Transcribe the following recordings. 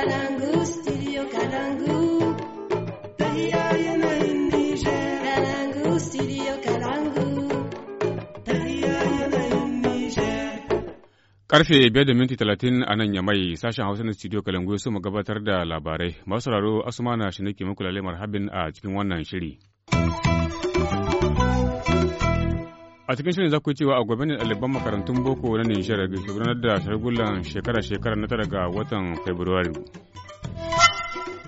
studio Karfe biyar da minti talatin a nan yamai sashen Hausa na studio Kalangu su mu gabatar da labarai. Masu sauraro Asumana shi nake muku lalle habin a cikin wannan shiri. A cikin shirin za cewa a gobe ne ɗaliban makarantun boko na Nijar da gudanar da shagulan shekara-shekara na tara ga watan february.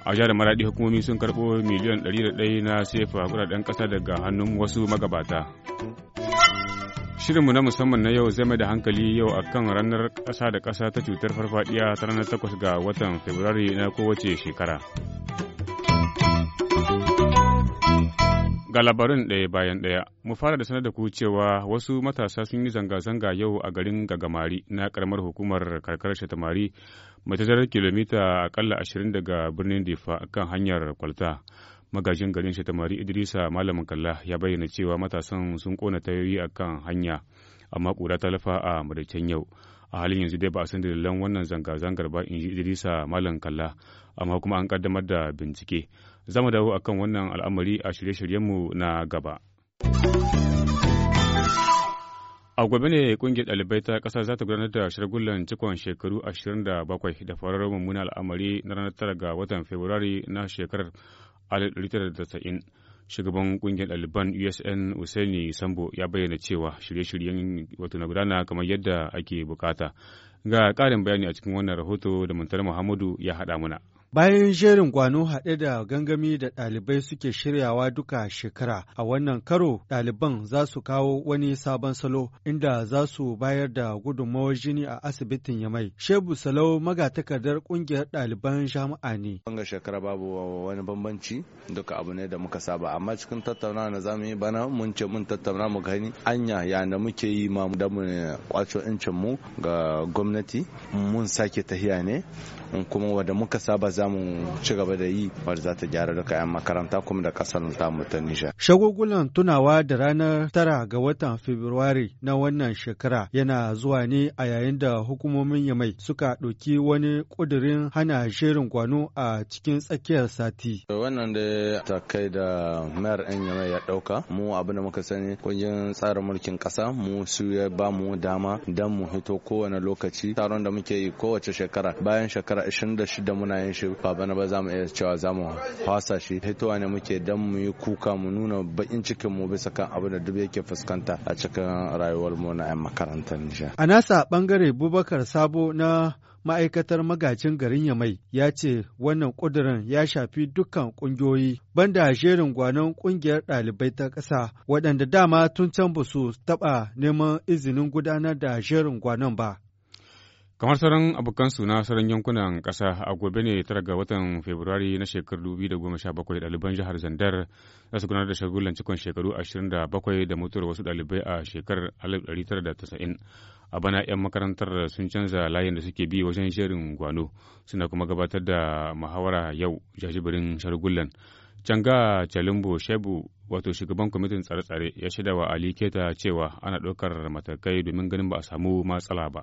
A jihar Maradi hukumomi sun karɓo miliyan ɗaya na sefa kuɗaɗen ƙasa daga hannun wasu magabata. Shirinmu na musamman na yau zai mai da hankali yau a kan ranar ƙasa da ƙasa ta cutar farfaɗiya ta ranar takwas ga watan february na kowace shekara. Ga labarin ɗaya bayan ɗaya, mu fara da sanar da ku cewa wasu matasa sun yi zanga-zanga yau a garin Gagamari na karamar hukumar karkarar Shatamari mai tazarar kilomita akalla ashirin daga birnin Difa kan hanyar kwalta. Magajin garin Shatamari Idrisa Malamin Kalla ya bayyana cewa matasan sun kona tayoyi a kan hanya, amma ƙura ta lafa a madaicen yau. a halin yanzu dai ba a san dalilan wannan zanga-zangar ba in ji Idrisa malamin Kalla amma kuma an kaddamar da bincike Za mu dawo akan wannan al'amari a shirye-shiryenmu na gaba. A gobe ne kungiyar ɗalibai ta ƙasa za ta gudanar da shirgullan cikon shekaru 27 da farar mummunan al'amari na ranar 9 ga watan Fabrairu na shekarar 1990. Shugaban kungiyar ɗaliban USN Usaini Sambo ya bayyana cewa shirye-shiryen wato na gudana kamar yadda ake bukata. Ga ƙarin bayani a cikin wannan rahoto da muntar Muhammadu ya haɗa mana. Bayan jerin gwano haɗe da gangami da ɗalibai suke shiryawa duka shekara, a wannan karo ɗaliban za su kawo wani sabon salo inda za su bayar da gudunmawar jini a asibitin Yamai. Shebu salo magatakardar ƙungiyar ɗaliban jami'a ne. Banga shekara babu wani bambanci duka abu ne da muka saba amma cikin tattaunawa na zamu yi bana mun ce mun tattauna mu gani anya ya da muke yi ma da mu kwaco incin mu ga gwamnati mun sake tahiya ne kuma wanda muka saba za samun ci gaba da yi wanda za ta gyara da kayan makaranta kuma da kasar tamu ta Nijar. Shagugulan tunawa da ranar tara ga watan Fabrairu na wannan shekara yana zuwa ne a yayin da hukumomin Yamai suka ɗauki wani ƙudurin hana shirin kwano a cikin tsakiyar sati. Wannan da kai da mayar ɗan Yamai ya ɗauka mu abu da muka sani kungiyar tsarin mulkin ƙasa mu su ya ba mu dama don mu hito kowane lokaci taron da muke yi kowace shekara bayan shekara 26 muna yin shi shi ba bana ba za mu iya cewa za mu fasa shi hitowa ne muke dan mu yi kuka mu nuna bakin cikin mu bisa kan abin da duk yake fuskanta a cikin rayuwar mu na 'yan makarantar nisha. A nasa bangare Bubakar Sabo na ma'aikatar magajin garin Yamai ya ce wannan ƙudurin ya shafi dukkan ƙungiyoyi banda jerin gwanon ƙungiyar ɗalibai ta ƙasa waɗanda dama tun can ba su taɓa neman izinin gudanar da jerin gwanon ba. Kamar sauran abokan suna sauran yankunan ƙasa a gobe ne tara ga watan februari na shekarar 2017 ɗaliban jihar Zandar za su gudanar da shagulan cikon shekaru 27 da mutuwar wasu ɗalibai a shekarar 1990. A bana 'yan makarantar sun canza layin da suke bi wajen shirin gwano suna kuma gabatar da muhawara yau jajibirin shagulan. Canga Chalimbo Shebu wato shugaban kwamitin tsare-tsare ya wa Ali Keta cewa ana ɗaukar matakai domin ganin ba a samu matsala ba.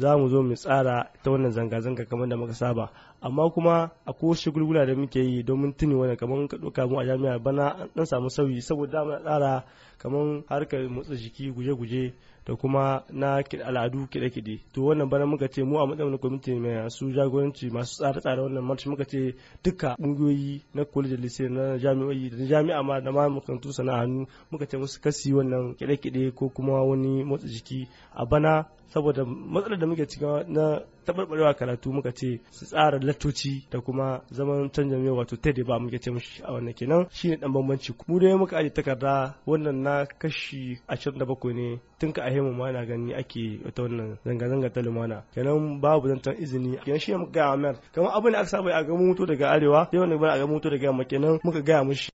za mu zo mu tsara ta wannan zanga-zanga kamar da muka saba amma kuma a kowace gulgula da muke yi domin tuni wani kamar ka ɗauka mu a jami'a bana an samu sauyi saboda mu tsara kamar harkar motsa jiki guje-guje da kuma na al'adu kide-kide to wannan bana muka ce mu a matsayin kwamiti mai su jagoranci masu tsare-tsare wannan march muka ce duka ƙungiyoyi na college lise na jami'oyi da jami'a ma da ma makarantu hannu muka ce musu kasi wannan kide-kide ko kuma wani motsa jiki a bana saboda matsalar da muke cikin na taɓarɓarewa karatu muka ce su tsara latoci da kuma zaman canja mai wato tede ba muka ce mushi a wannan kenan shine dan bambanci mu dai muka aje takarda wannan na kashi 27 ne tun ka ahe mu mana gani ake ta wannan zanga-zanga ta lumana kenan babu zantan izini kenan shi muka gaya mayar kamar abin da aka saba a ga mutu daga arewa sai wani bana a ga mutu daga yamma kenan muka gaya mushi.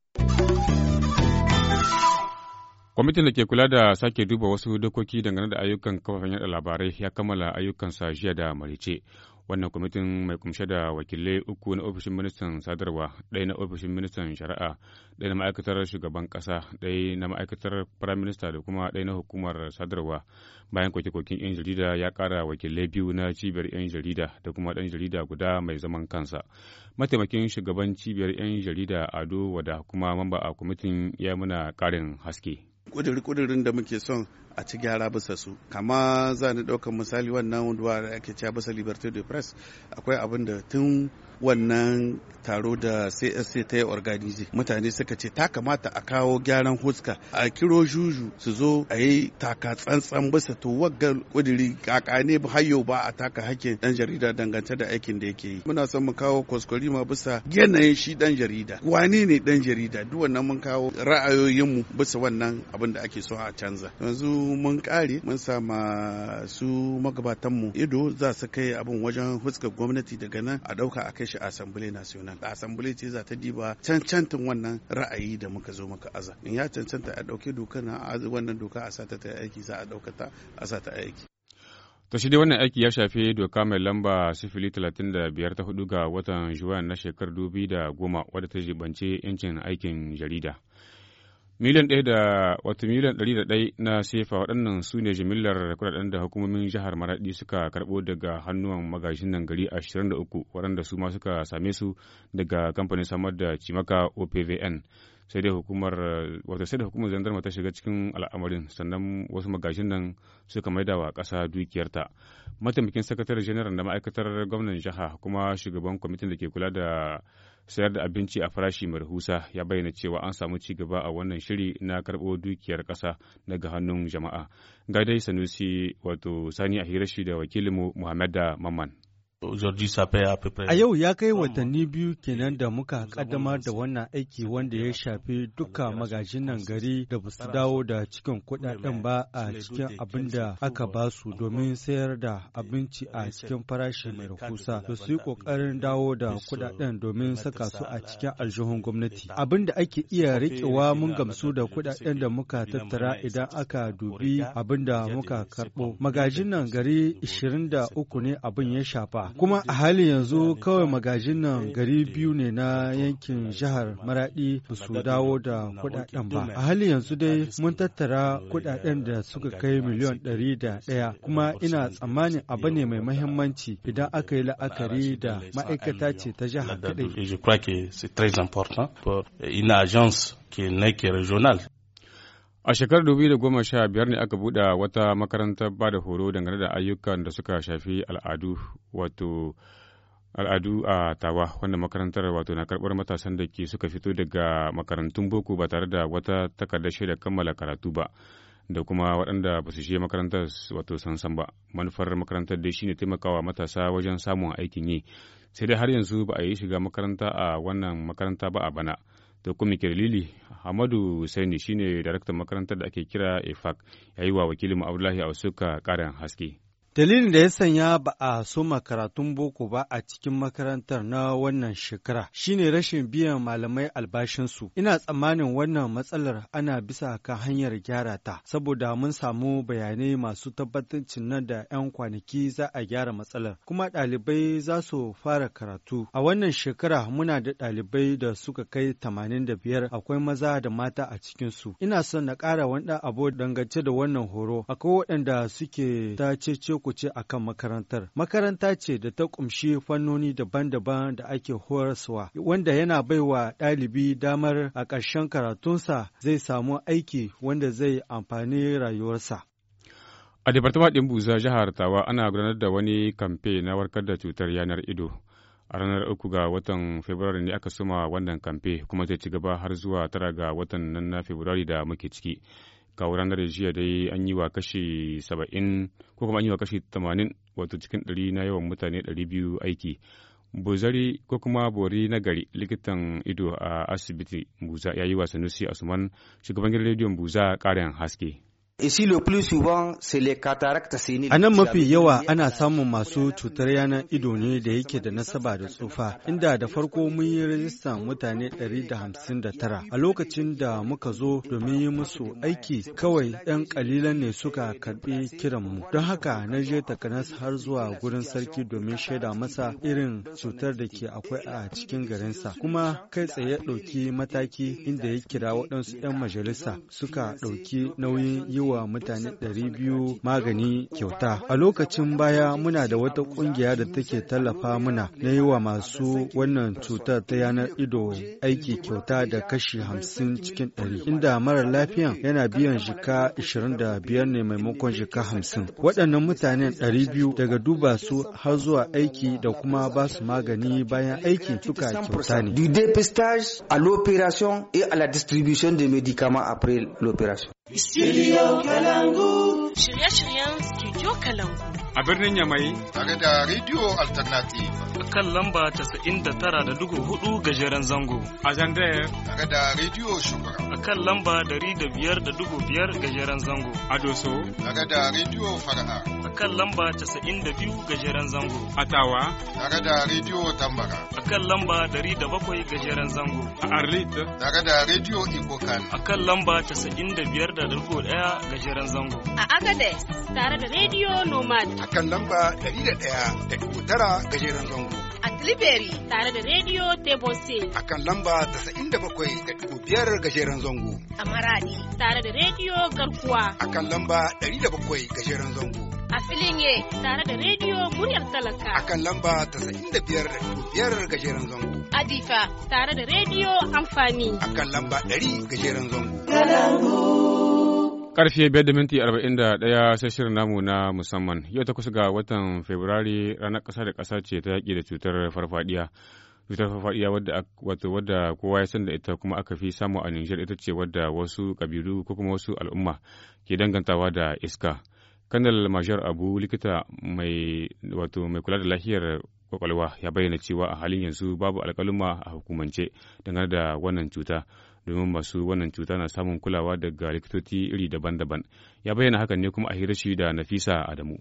Kwamitin da ke kula da sake duba wasu dokoki dangane da ayyukan kafafen yada labarai ya kammala ayyukansa jiya da marice. wannan kwamitin mai kumshe da wakilai uku na ofishin ministan sadarwa ɗaya na ofishin ministan shari'a ɗaya na ma'aikatar shugaban ƙasa ɗaya na ma'aikatar prime minister da kuma ɗaya na hukumar sadarwa bayan koke-koken 'yan jarida ya ƙara wakilai biyu na cibiyar 'yan jarida da kuma ɗan jarida guda mai zaman kansa mataimakin shugaban cibiyar 'yan jarida ado wada kuma mamba a kwamitin ya muna ƙarin haske kuduri kudirin da muke son a ci gyara bisa su kama za ni ɗaukar misali wannan wanda da ake cewa bisa liberté de presse akwai abin da tun wannan taro da csc ta yi organize mutane suka ce ta kamata a kawo gyaran huska a kiro juju su zo a yi taka tsantsan bisa to wagga kaka ne ba hayo ba a taka hakkin dan jarida dangance da aikin da yake yi muna son mu kawo kwaskwarima bisa yanayin shi dan jarida wane ne dan jarida duk wannan mun kawo ra'ayoyinmu bisa wannan abin da ake so a canza yanzu mun kare mun sa masu magabatanmu ido za su kai abin wajen huskar gwamnati daga nan a ɗauka a kai shi a asambile national asambili ce za ta diba cancantin wannan ra'ayi da muka zo maka aza in ya cancanta a dauke doka na wannan doka a sata ta aiki za a ɗauka ta a sata aiki ta shi dai wannan aiki ya shafi doka mai lamba sifili talatin da biyar ta hudu ga watan Juwan na shekarar dubi da goma wadda ta jibance 'yancin aikin jarida. miliyan ɗaya da wata miliyan ɗari da ɗai na sefa waɗannan su ne jimillar kuɗaɗen da hukumomin jihar maraɗi suka karɓo daga hannuwan magajin nan gari ashirin da uku waɗanda su ma suka same su daga kamfanin samar da cimaka opvn sai dai hukumar wata sai da hukumar zandarma ta shiga cikin al'amarin sannan wasu magajin nan suka maida wa ƙasa dukiyarta mataimakin sakatare janar da ma'aikatar gwamnan jiha kuma shugaban kwamitin da ke kula da sayar da abinci a farashi mai rahusa ya bayyana cewa an samu ci gaba a wannan shiri na karɓo dukiyar ƙasa daga hannun jama'a. Ga Sanusi wato Sani a shi da wakilinmu Muhammad da Mamman. A yau ya kai watanni biyu kenan da muka kaddamar da wannan aiki wanda ya shafi duka magajin nan gari da ba su dawo da cikin kudaden ba a cikin abin da aka ba su domin sayar da abinci a cikin farashi mai rahusa da su yi kokarin dawo da kudaden domin saka su a cikin aljihun gwamnati. Abin da ake iya riƙewa mun gamsu da kudaden da muka tattara idan aka dubi abin da muka karbo. Magajin nan gari 23 ne abin ya shafa kuma a halin yanzu kawai magajin nan gari biyu ne na yankin jihar maradi ba su dawo da kudaden ba a halin yanzu dai mun tattara eh, kudaden da suka kai miliyan ɗari da ɗaya kuma ina tsammanin abu ne mai mahimmanci idan aka yi la'akari da ma'aikata ce ta jihar kadai. A shekarar sha biyar ne aka buɗe wata makarantar ba da horo dangane da ayyukan da suka shafi al'adu wato al'adu a tawa wanda makarantar wato na karɓar matasan da ke suka fito daga makarantun boko ba tare da wata takardar shaida kammala karatu ba da kuma waɗanda ba su je makarantar wato sansan ba manufar makarantar dai shine taimakawa matasa wajen samun aikin yi sai dai har yanzu ba a yi shiga makaranta a wannan makaranta ba a bana. da kuma kirlili hamadu husaini shine daraktan makarantar da ake kira efak ya yi wa wakilin abdullahi ausuka karin haske Dalilin da ya sanya ba a soma karatun boko ba a cikin makarantar na wannan shekara shine rashin biyan malamai albashinsu. Ina tsammanin wannan matsalar ana bisa ka hanyar gyara ta, saboda mun samu bayanai masu tabbatancin nan da 'yan kwanaki za a gyara matsalar, kuma ɗalibai za su fara karatu. A wannan shekara muna da ɗalibai da suka kai tamanin da biyar akwai maza da mata a cikinsu. Ina son na ƙara wani abu dangance da wannan horo, akwai waɗanda suke ta cece kurkuce a kan makarantar. Makaranta ce da ta ƙumshi fannoni daban-daban da ake horaswa, wanda yana baiwa ɗalibi damar a ƙarshen karatunsa zai samu aiki wanda zai amfani rayuwarsa. A Departement ɗin Buza jihar Tawa ana gudanar da wani kamfe na warkar da cutar yanar ido. a ranar uku ga watan Fabrairu ne aka suma wannan kamfe kuma zai ci gaba har zuwa tara ga watan nan na Fabrairu da muke ciki. kawo ranar jiya dai an yi wa kashi saba'in ko kuma an yi wa kashi tamanin wato cikin ɗari na yawan mutane ɗari biyu aiki buzari ko kuma bori na gari likitan ido a asibiti buza ya yi wa sanusi asuman shugaban gidan rediyon buza ƙarin haske A nan mafi yawa ana samun masu cutar yanar ido ne da yake da nasaba da tsufa, inda da farko mun yi rajistan mutane 159 a lokacin da muka zo domin yi musu aiki kawai 'yan kalilan ne suka karbi kiranmu. Don haka na je takanas har zuwa gurin sarki domin shaida masa irin cutar da ke akwai a cikin garinsa, kuma kai tsaye ɗauki mataki inda ya kira waɗansu 'yan majalisa suka ɗauki nauyin yi wa mutane 200 magani kyauta. A lokacin baya muna da wata ƙungiya da take tallafa muna na yi wa masu wannan cutar ta yanar ido aiki kyauta da kashi 50 cikin 100, inda marar lafiyan yana biyan jika 25 ne maimakon shika 50. Waɗannan mutanen 200 daga duba su har zuwa aiki da kuma ba su magani bayan aiki suka kyauta ne. Du dépistage à l'opération et à la distribution des médicaments après l'opération. Studio Kalangu. Shirye-shiryen Studio Kalangu. a birnin Yamai. Tare da Radio Alternative. A kan lamba tasa'in da tara da dugu hudu gajeren zango. A Zandaya. Tare da Radio Shugaba A kan lamba dari da biyar da dugu biyar gajeren zango. A Doso. Tare da Radio Fara'a. A kan lamba tasa'in da biyu gajeren zango. A Tawa. Tare da Radio Tambara. A kan lamba dari da bakwai gajeren zango. A Arlit. Tare da Radio Ikokan. A kan lamba tasa'in da biyar da dugu daya gajeren zango. A Agades. Tare da Radio Nomad. a kan lamba ga gajeren zango. A Tilibiri tare da Radio Tebose. A kan lamba 97.5 gajeren zango. A Maradi tare da Radio Garkuwa. A kan lamba 107 gajeren zango. A Filinye tare da Radio Muryar Talaka. A kan lamba 95.5 gajeren zango. A Difa tare da Radio Amfani. A kan lamba 100 gajeren zango. Kalangu. Karfe biyar da minti arba'in da ɗaya sai shirin namu na musamman. Yau ta kusa ga watan Fabrairu ranar kasa da kasa ce ta yaƙi da cutar farfaɗiya. Cutar farfadiya wadda wato wadda kowa ya san da ita kuma aka fi samu a Nijar ita ce wadda wasu ƙabilu ko kuma wasu al'umma ke dangantawa da iska. Kanal Majar Abu likita mai wato mai kula da lafiyar kwakwalwa ya bayyana cewa a halin yanzu babu alƙaluma a hukumance dangane da wannan cuta. domin masu wannan cuta na samun kulawa daga likitoci iri daban-daban ya bayyana hakan ne kuma a hira shi da nafisa adamu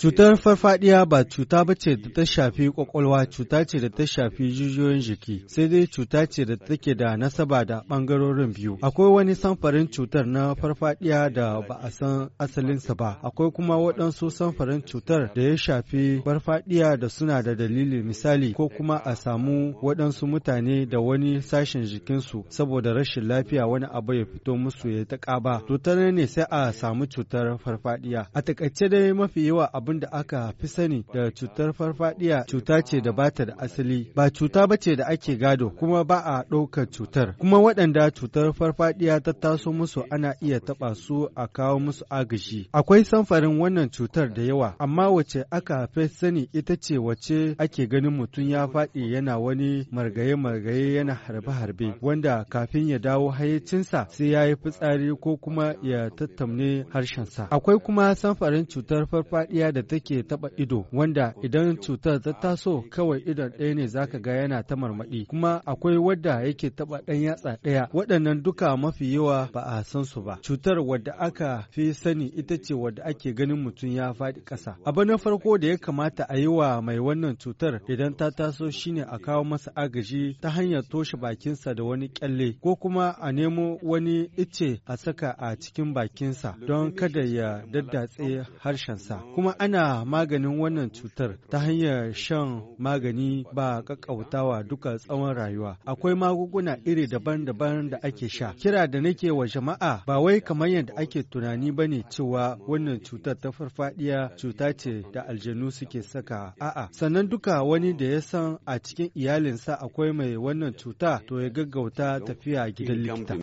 Cutar farfadiya ba cuta ba ce da ta shafi kwakwalwa, cuta ce da ta shafi jijiyoyin jiki, sai dai cuta ce da take da nasaba da bangarorin biyu. Akwai wani samfarin cutar na farfadiya da ba a san asalinsa ba, akwai kuma waɗansu samfarin cutar da ya shafi farfadiya da suna da dalili misali ko kuma a samu waɗansu mutane da wani sashen jikinsu saboda rashin lafiya wani abu ya fito musu ya ta ƙaba. Cutar ne sai a samu cutar farfadiya. A takaice dai mafi yawa abin da aka fi sani da cutar farfadiya cuta ce da bata da asali, ba cuta ba ce da ake gado kuma ba a ɗaukar cutar. Kuma waɗanda cutar farfadiya ta taso musu ana iya taɓa su a kawo musu agashi. Akwai samfarin wannan cutar da yawa, amma wace aka fi sani ita ce wace ake ganin mutum ya faɗi yana wani margaye-margaye yana harbe-harbe, wanda kafin ya dawo hayyacinsa sai ya yi fitsari ko kuma ya tattara tamtamne harshensa. Akwai kuma samfarin cutar farfadiya da take taba ido wanda idan cutar ta taso kawai idon ɗaya ne zaka ga yana ta marmaɗi kuma akwai wadda yake taba ɗan yatsa ɗaya waɗannan duka mafi yawa ba a san su ba. Cutar wadda aka fi sani ita ce wadda ake ganin mutum ya faɗi ƙasa. Abu na farko da ya kamata a yi wa mai wannan cutar idan ta taso shine a kawo masa agaji ta hanyar toshe bakinsa da wani kyalle ko kuma a nemo wani ice a saka a cikin bakin jikinsa don kada ya daddatse harshensa. Kuma ana maganin wannan cutar ta hanyar shan magani ba kakkautawa duka tsawon rayuwa. Akwai magunguna iri daban-daban da ake sha. Kira da nake wa jama'a ba wai kamar yadda ake tunani ba ne cewa wannan cutar ta farfadiya cuta ce da aljanu suke saka a'a sannan duka wani da ya san a cikin iyalinsa akwai mai wannan cuta to ya gaggauta tafiya gidan likita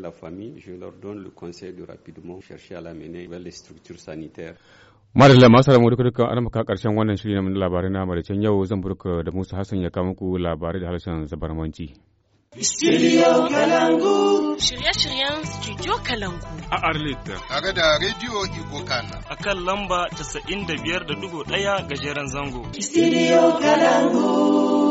appelle la famille, je leur donne le conseil de rapidement chercher à l'amener vers les structures sanitaires. Madalla masu ramu duka duka an maka karshen wannan shiri na labarai na madacin yau zan burka da Musa Hassan ya kawo muku labarai da harshen zabarmanci. Studio Kalangu. Shirye-shiryen Studio Kalangu. A Arlita. Tare da Radio Igbo Kana A kan lamba 95.1 gajeren zango. Studio Kalangu.